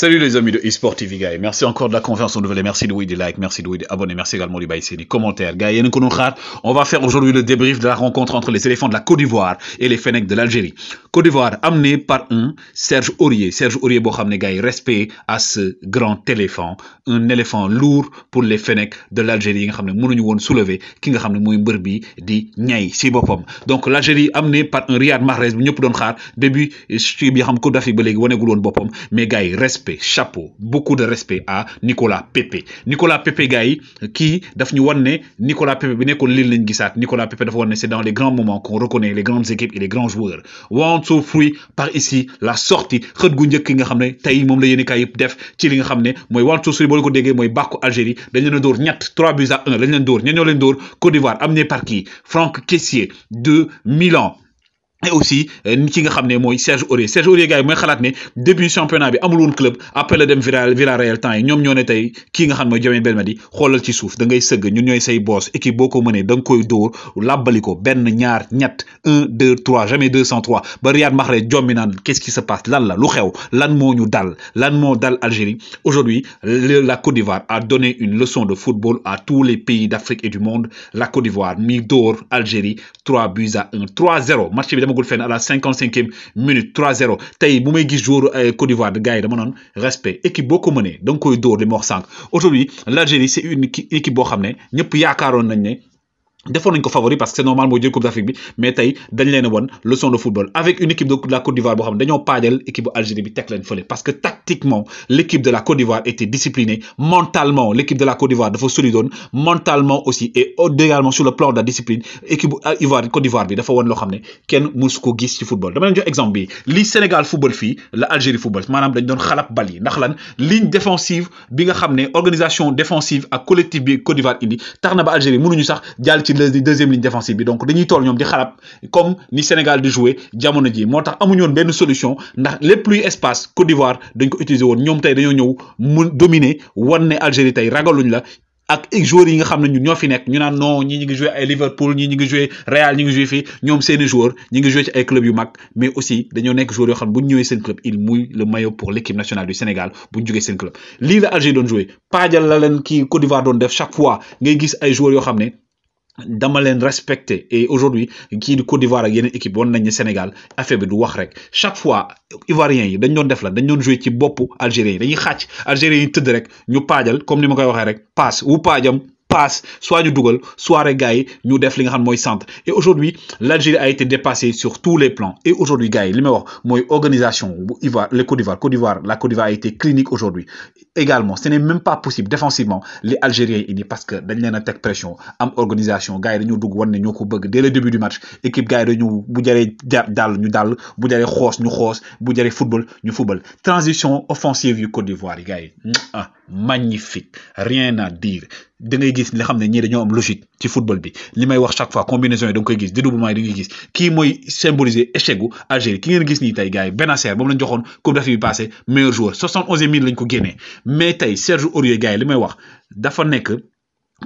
Salut les amis de eSport TV Guy, merci encore de la confiance renouvelée merci de des likes, merci de wéy merci également de bàyyi des commentaires, gars on va faire aujourd'hui le débrief de la rencontre entre les éléphants de la Côte d'Ivoire et les Fennecs de l'Algérie Côte d'Ivoire amené par un Serge Aurier Serge Aurier il respect à ce grand éléphant un éléphant lourd pour les Fennecs de l'Algérie yi nga soulevé. mënuñu soulever ki nga donc l'Algérie amené par un Riyad Mahrez début je suis bien xam d'Afrique ba mais gars respect chapeau beaucoup de respect à Nicolas Pepe Nicolas Pepe Gaï qui kii daf Nicolas Pepe bi Nicolas Pepe c'est dans les grands moments qu'on reconnaît les grandes équipes et les grands joueurs two free par ici la sortie xët gu hamne yi nga xam def ci li moi xam ne mooy wan fruit boo Algérie dañ leen 3 buts à 1 leen Côte d'Ivoire amené par qui Franck Kessié de Milan et aussi euh, ki nga xamné moy Serge Aurier Serge Aurier gay moy xalat né début championnat bi amul won club appelé dem Villarreal Villarreal temps yi ñom ñone tay ki nga xamné moy Jamel Belmadi xolal ci souf da ngay seug ñun ñoy say boss équipe boko mëné dang koy door labaliko ben ñaar ñatt 1 2 3 jamais 203 ba Riyad Mahrez jommi nan qu'est-ce qui se passe lan la lu xew lan mo ñu dal lan mo dal Algérie aujourd'hui la Côte d'Ivoire a donné une leçon de football à tous les pays d'Afrique et du monde la Côte d'Ivoire mi Algérie 3 buts à 1 3-0 match évidemment demagul fen à la 55e minute 3-0 tay bu may gis joueur euh, Côte d'Ivoire gars yi dama non respect équipe boko mené Donc koy door li mo wax aujourd'hui l'Algérie c'est une équipe bo xamné ne ñëpp nañ né defoon nañ ko favori parce que c'est normal mooy jël coupe d'Afrique bi mais tey dañ leen won leçon de football avec une équipe de la Côte d'Ivoire boo d'ailleurs ne dañoo paajal équipe algérienne Algérie bi leen parce que tactiquement l'équipe de la Côte d'Ivoire était disciplinée mentalement l'équipe de la Côte d'Ivoire dafa solidoon mentalement aussi et également sur le plan de la discipline équipe Ivoire Côte d'Ivoire bi dafa won loo xam Ken kenn gis ci football dama même jox exemple bi li Sénégal football fii la Algérie football maanaam dañ doon xalap bal yi ndax lan ligne défensive bi nga organisation défensive à collectif bi Côte d'Ivoire indi tarnaba Algérie mënuñu sax jàll ci deuxième ligne défensive bi donc dañuy toll ñom di xalaat comme ni Sénégal di jouer jamono ji motax amuñu won benn solution ndax lepp luy espace Côte d'Ivoire dañ ko utiliser won ñom tay dañu ñew dominer wan ne Algérie tay ragaluñ la ak joueur yi nga xam ñun ñofi nek ñu naan non ñi ñi ngi jouer ay Liverpool ñi ñi ngi jouer Real ñi ngi jouer fi ñom seeni joueur ñi ngi jouer ci ay club yu mag mais aussi dañu nek joueur yo xam bu ñu ñëwee seen club il mouille le maillot pour l'équipe nationale du Sénégal bu ñu seen club li la Algérie doon joué paajal la len ki Côte d'Ivoire done def chaque fois ngay gis ay joueur yo xam dama leen respecté et aujourd'hui qui du Côte d'Ivoire ak yeneen équipe woon nañ Sénégal affaire bi du wax rek chaque fois Ivoiriens yi dañ doon def la dañ doon jouer ci bop Algériens yi dañuy xatch Algériens yi teud rek ñu paajal comme ni ma koy waxee rek passe wu paajam passe, soit du Dougal, soit Regaï, nous Deflingham Moy centre. Et aujourd'hui, l'Algérie a été dépassée sur tous les plans. Et aujourd'hui, Gaï, Moy organisation, le Côte d'Ivoire, Côte d'Ivoire, la Côte d'Ivoire a été clinique aujourd'hui. Également, ce n'est même pas possible défensivement, les Algériens, ils parce que dañ leen a pression am organisation gars yi dañoo dugg wan dès le début du match équipe gars yi dañu bu jaree nous ñu dàll bu jaree xoos ñu xoos bu football ñu football transition offensive du Côte d'Ivoire yi magnifique rien à dire da ngay gis li xam ne ñii dañoo am logique ci football bi li may wax chaque fois combinaison yi da nga koy gis dédoublement yi da ngay gis kii mooy symboliser échec gu Algérie ki ngeen gis nii tey gars yi Benacer ba mu lañ joxoon coupe d'Afrique bi passé meilleur joueur soixante onze mille lañ ko génnee mais tey Serge Aurier gars yi li may wax dafa nekk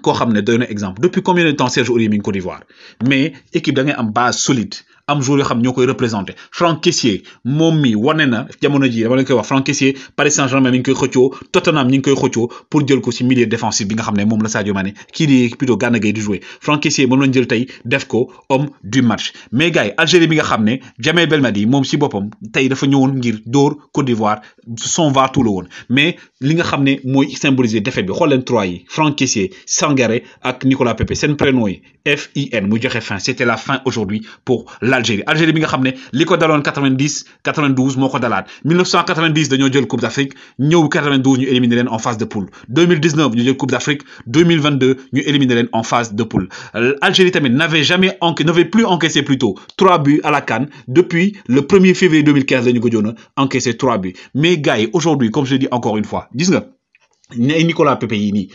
koo xam ne doy na exemple depuis combien de temps Serge Aurier mi ngi Côte d'Ivoire mais équipe da ngay am base solide am joueur yo xam ñokoy représenter représenté Franck Kessié mom mi wane na jamono ji dama leen koy wax Franck Kessié Paris Saint-Germain mi ngi koy xëccoo Tottenham ñi ngi koy xëccoo pour jël ko ci milieu défensif bi nga xamné mom la Sadio Mané ki di plutôt Gana gay di jouer Franck Kessié mom lañ jël tay def ko homme du match mais gars Algérie bi nga xamné ne Djamel Belmadi mom ci bopam tay dafa ñëwoon ngir dóor Côte d'Ivoire son va-tout la won mais li nga xamné moy symboliser défaite bi xol leen trois yi Franck Kessié Sangaré ak Nicolas Pepe seen prénom yi FIN mu joxe fin c'était la fin aujourd'hui pour Algérie. Algérie bi nga xam ne 90 92 moo 1990, nous 1990 eu la Coupe d'Afrique nous 92 nous éliminer en phase de poule 2019 ñu la Coupe d'Afrique 2022 nous éliminer en phase de poule Algérie n'avait jamais encaissé n'avait plus encaissé tôt, 3 buts à la canne depuis le 1er février 2015 nous avons encaissé 3 buts mais gars aujourd'hui comme je dis encore une fois 19 ni Nicolas Pepe yi nii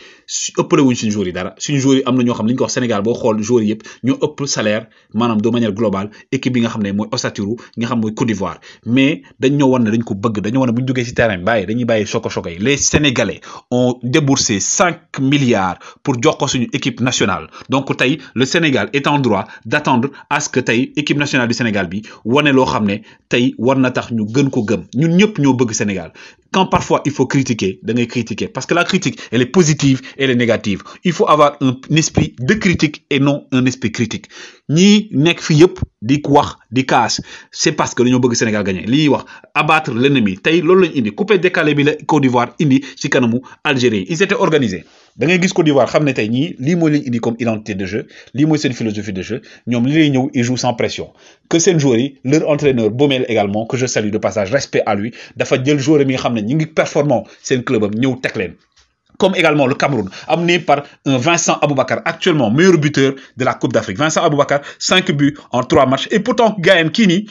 ëppale wuñ suñu joueurs yi dara suñu joueurs yi am na ñoo xam li ñu ko wax Sénégal boo xool joueurs yëpp ñoo ëpp salaire maanaam de manière globale équipe bi nga xam ne mooy Osaturu nga xam mooy Côte d'Ivoire mais dañ ñoo wan ne dañ ko bëgg dañoo wan ne bu ñu duggee si terrain bi bàyyi dañuy bàyyi soko soko yi les Sénégalais ont déboursé 5 milliards pour jox ko suñu équipe nationale donc tey le Sénégal est en droit d'attendre à ce que tey équipe nationale du Sénégal bi wane loo xam ne tey war na tax ñu gën ko gëm ñun ñëpp ñoo bëgg Sénégal quand parfois il faut critiquer da ngay critiquer parce que la critique, elle est positive, elle est négative. Il faut avoir un esprit de critique et non un esprit critique. Ni nek fi di wax di kaas c'est parce que dañu bëgg Sénégal gagner li wax abattre l'ennemi tay loolu lañu indi coupé décalé bi la Côte d'Ivoire indi ci kanamu Algérie ils étaient organisés da ngay gis Côte d'Ivoire xam ne tey ñii lii mooy lañu indi comme identité de jeu lii mooy seen philosophie de jeu ñoom li lay ñëw ils jouent sans pression que seen joueur yi leur entraîneur Baumel également que je salue de passage respect à lui dafa jël joueur mi nga xam ne ñi ngi performant seen club am ñëw teg leen comme également le Cameroun, amené par un Vincent Aboubakar, actuellement meilleur buteur de la Coupe d'Afrique. Vincent Aboubakar, 5 buts en 3 matchs. Et pourtant, Gaël Kini,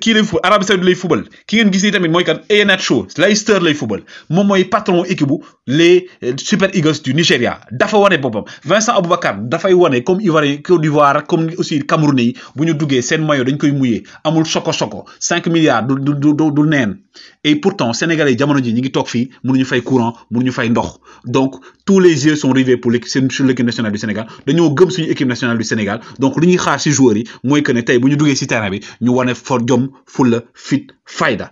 qui euh, est Arabie Saoudite le football, qui est Gisney Tamit, moi, show, Leicester de football, moi, moi, patron équipe, les euh, Super Eagles du Nigeria. Vincent Aboubakar, comme Ivoirien, Côte d'Ivoire, comme aussi Camerounais, Bougnou Dougué, Sen Mayo, Koy Amoul Choco Choco, 5 milliards, de Nen. Et pourtant, Sénégalais, Diamono Dji, Nigi Tokfi, Mounou Fay Courant, peu Fay Ndoch donc tous les yeux sont rivés pour l'équipe sur l'équipe nationale du Sénégal nous gëm une équipe nationale du Sénégal donc nous ñuy xaar ci joueurs yi mooy que ne tey bu ñu duggee ci terrain bi ñu fit fayda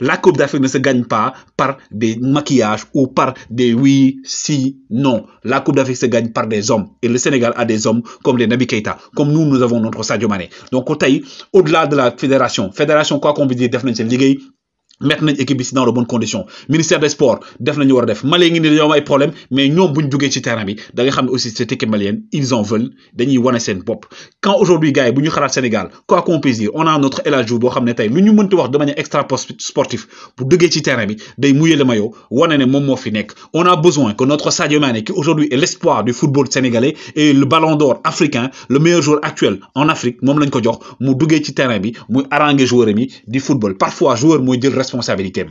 la Coupe d'Afrique ne se gagne pas par des maquillages ou par des oui si non la Coupe d'Afrique se gagne par des hommes et le Sénégal a des hommes comme les Naby Keïta comme nous nous avons notre Sadio Mané donc au-delà de la fédération fédération quoi qu'on veut dire définitivement nañ mettre nañ équipe bi dans de bonnes conditions ministère des sports def nañu war def Mali ngi ni dañoo ay problème mais ñom buñ ñu ci terrain bi da nga xam aussi cette équipe malienne ils en veulent dañuy wane sen pop quand aujourd'hui gars yi bu ñu Sénégal quoi qu'on puisse dire on a notre El Hadji Diouf boo xam ne tey ñu wax de manière extra sportif pour duggee ci terrain bi day mouiller le maillot wane ne moom moo fi on a besoin que notre Sadio Mané qui aujourd'hui est l'espoir du football sénégalais et le ballon d'or africain le meilleur joueur actuel en Afrique mom lañ ko jox mu duggee ci terrain bi muy haranguer joueur mi di football parfois joueur moy jël responsabilités.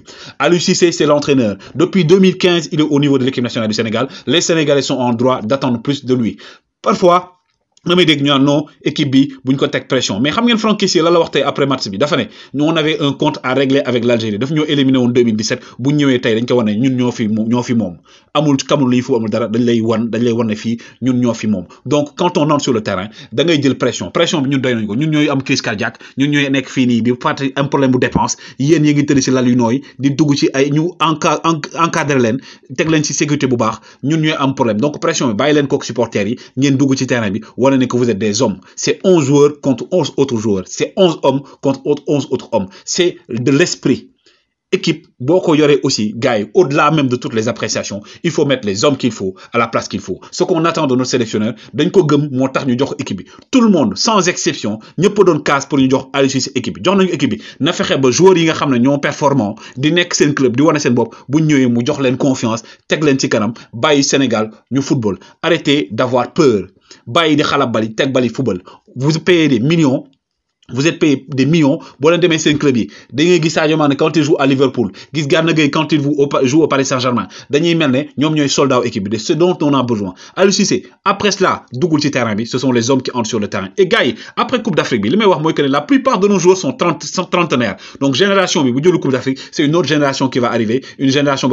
Cissé, c'est l'entraîneur. Depuis 2015, il est au niveau de l'équipe nationale du Sénégal. Les Sénégalais sont en droit d'attendre plus de lui. Parfois, damay mais ñu naan non équipe bi buñ ko tek pression mais xam ngeen Franck Kessié la la wax tay après match bi dafa né nous on avait un compte à régler avec l'Algérie daf ñoo éliminé en 2017 buñ ñëwé tay dañ ko wone ñun ñoo fi ñoo fi mom amul kamul li fu amul dara dañ lay wan dañ lay wone fi ñun ñoo fi mom donc quand on entre sur le terrain da ngay jël pression pression bi ñun doy nañ ko ñun ñoy am crise cardiaque ñun ñoy nekk fii nii bi un problème de dépense yeen yi ngi tëdd si lal yu nooy di dugg ci ay ñu encadrer encadré tek teg ci sécurité bu baax ñun ñoy am problème donc pression bi bàyyi leen kook supporter yi ngeen dugg ci terrain bi que vous êtes des hommes. C'est 11 joueurs contre 11 autres joueurs. C'est 11 hommes contre 11 autres hommes. C'est de l'esprit. Équipe, beaucoup y aurait aussi, gars au-delà même de toutes les appréciations, il faut mettre les hommes qu'il faut à la place qu'il faut. Ce qu'on attend de nos sélectionneurs, c'est ko gum, montar nous équipe. Tout le monde, sans exception, ne peut donner casse pour nous dire aller sur équipe. Dans une équipe, n'a fait que joueurs qui sont performants qui sont dans in club, du one sen bob, bougnou, mou, leur confiance, teg l'en tikanam, bail Sénégal, nous football. Arrêtez d'avoir peur bayi di Khalabali, bali tek bali football vous payez des millions vous êtes payé des millions vous avez des seen club yi da quand il joue à Liverpool Vous avez quand il joue au Paris Saint-Germain dañuy avez Nous sommes ñooy soldat équipe ce dont on a besoin si c'est après cela terrain ce sont les hommes qui entrent sur le terrain et gars après Coupe d'Afrique la plupart de nos joueurs sont trentenaires donc génération Coupe d'Afrique c'est une autre génération qui va arriver une génération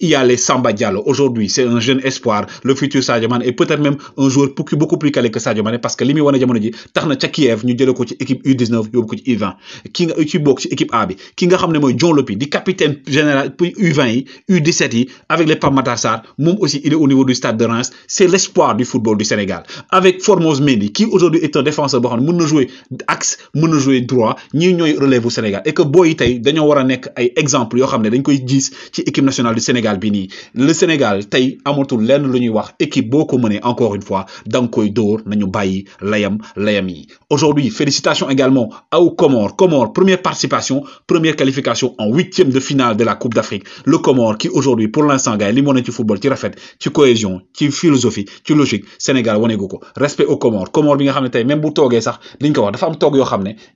il y a les Samba Diallo aujourd'hui c'est un jeune espoir le futur Sadio est et peut-être même un joueur beaucoup plus calé que Sadio parce que limi muy dit, jamono ji dit, le équipe U 19 yóbbu ko U20 ki nga ci ci équipe A bi ki nga xam moy John Lopi di capitaine général pour U20 yi U17 yi avec les Pape Matar Sarr aussi il est au niveau du stade de Reims c'est l'espoir du football du Sénégal avec Formose Mendy qui aujourd'hui est un défenseur bo xam mëna jouer axe mëna jouer droit ñi ñoy relève au Sénégal et que boy tay tey wara nek ay exemple yo xam dañ koy gis ci équipe nationale du Sénégal bi ni le Sénégal tay amatu lenn lu ñuy wax équipe boko mené encore une fois dang koy dóor nañu bayyi layam layam yi aujourd'hui félicitations également également au Comores. Comores, première participation, première qualification en huitième de finale de la Coupe d'Afrique. Le Comor qui aujourd'hui, pour l'instant, gagne monnaies du football, tu rafet, tu cohésion, tu philosophie, tu logique. Sénégal, Wanegoko. Respect au Comores. comor même pour toi,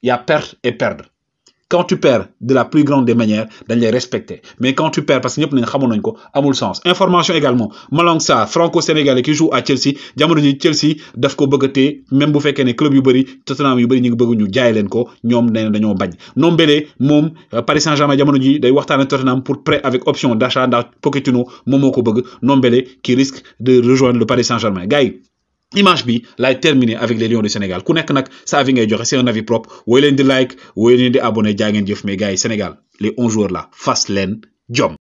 il y a perte et perdre quand tu perds de la plus grande des manières d'aller respecter mais quand tu perds parce que nous nañ xamoon nañ ko amul sens information également Malangsa, franco-sénégalais qui joue à Chelsea jamono ji Chelsea daf ko même bu fekkee le club Yubari Tottenham Yubari bëri ñu ngi bëgg ñu jaay leen ko ñoom euh, Paris Saint-Germain jamono ji day Tottenham pour prêt avec option d'achat dans Pochettino Momo moo Non bëgg qui risque de rejoindre le Paris Saint-Germain gars image bi lay terminer avec les Lions du Sénégal ku nek nak sa avis ngay joxe c'est un avis propre woy len di like woy len di abonné jaa ngeen jëf mais gars yi Sénégal les 11 joueurs là face len jom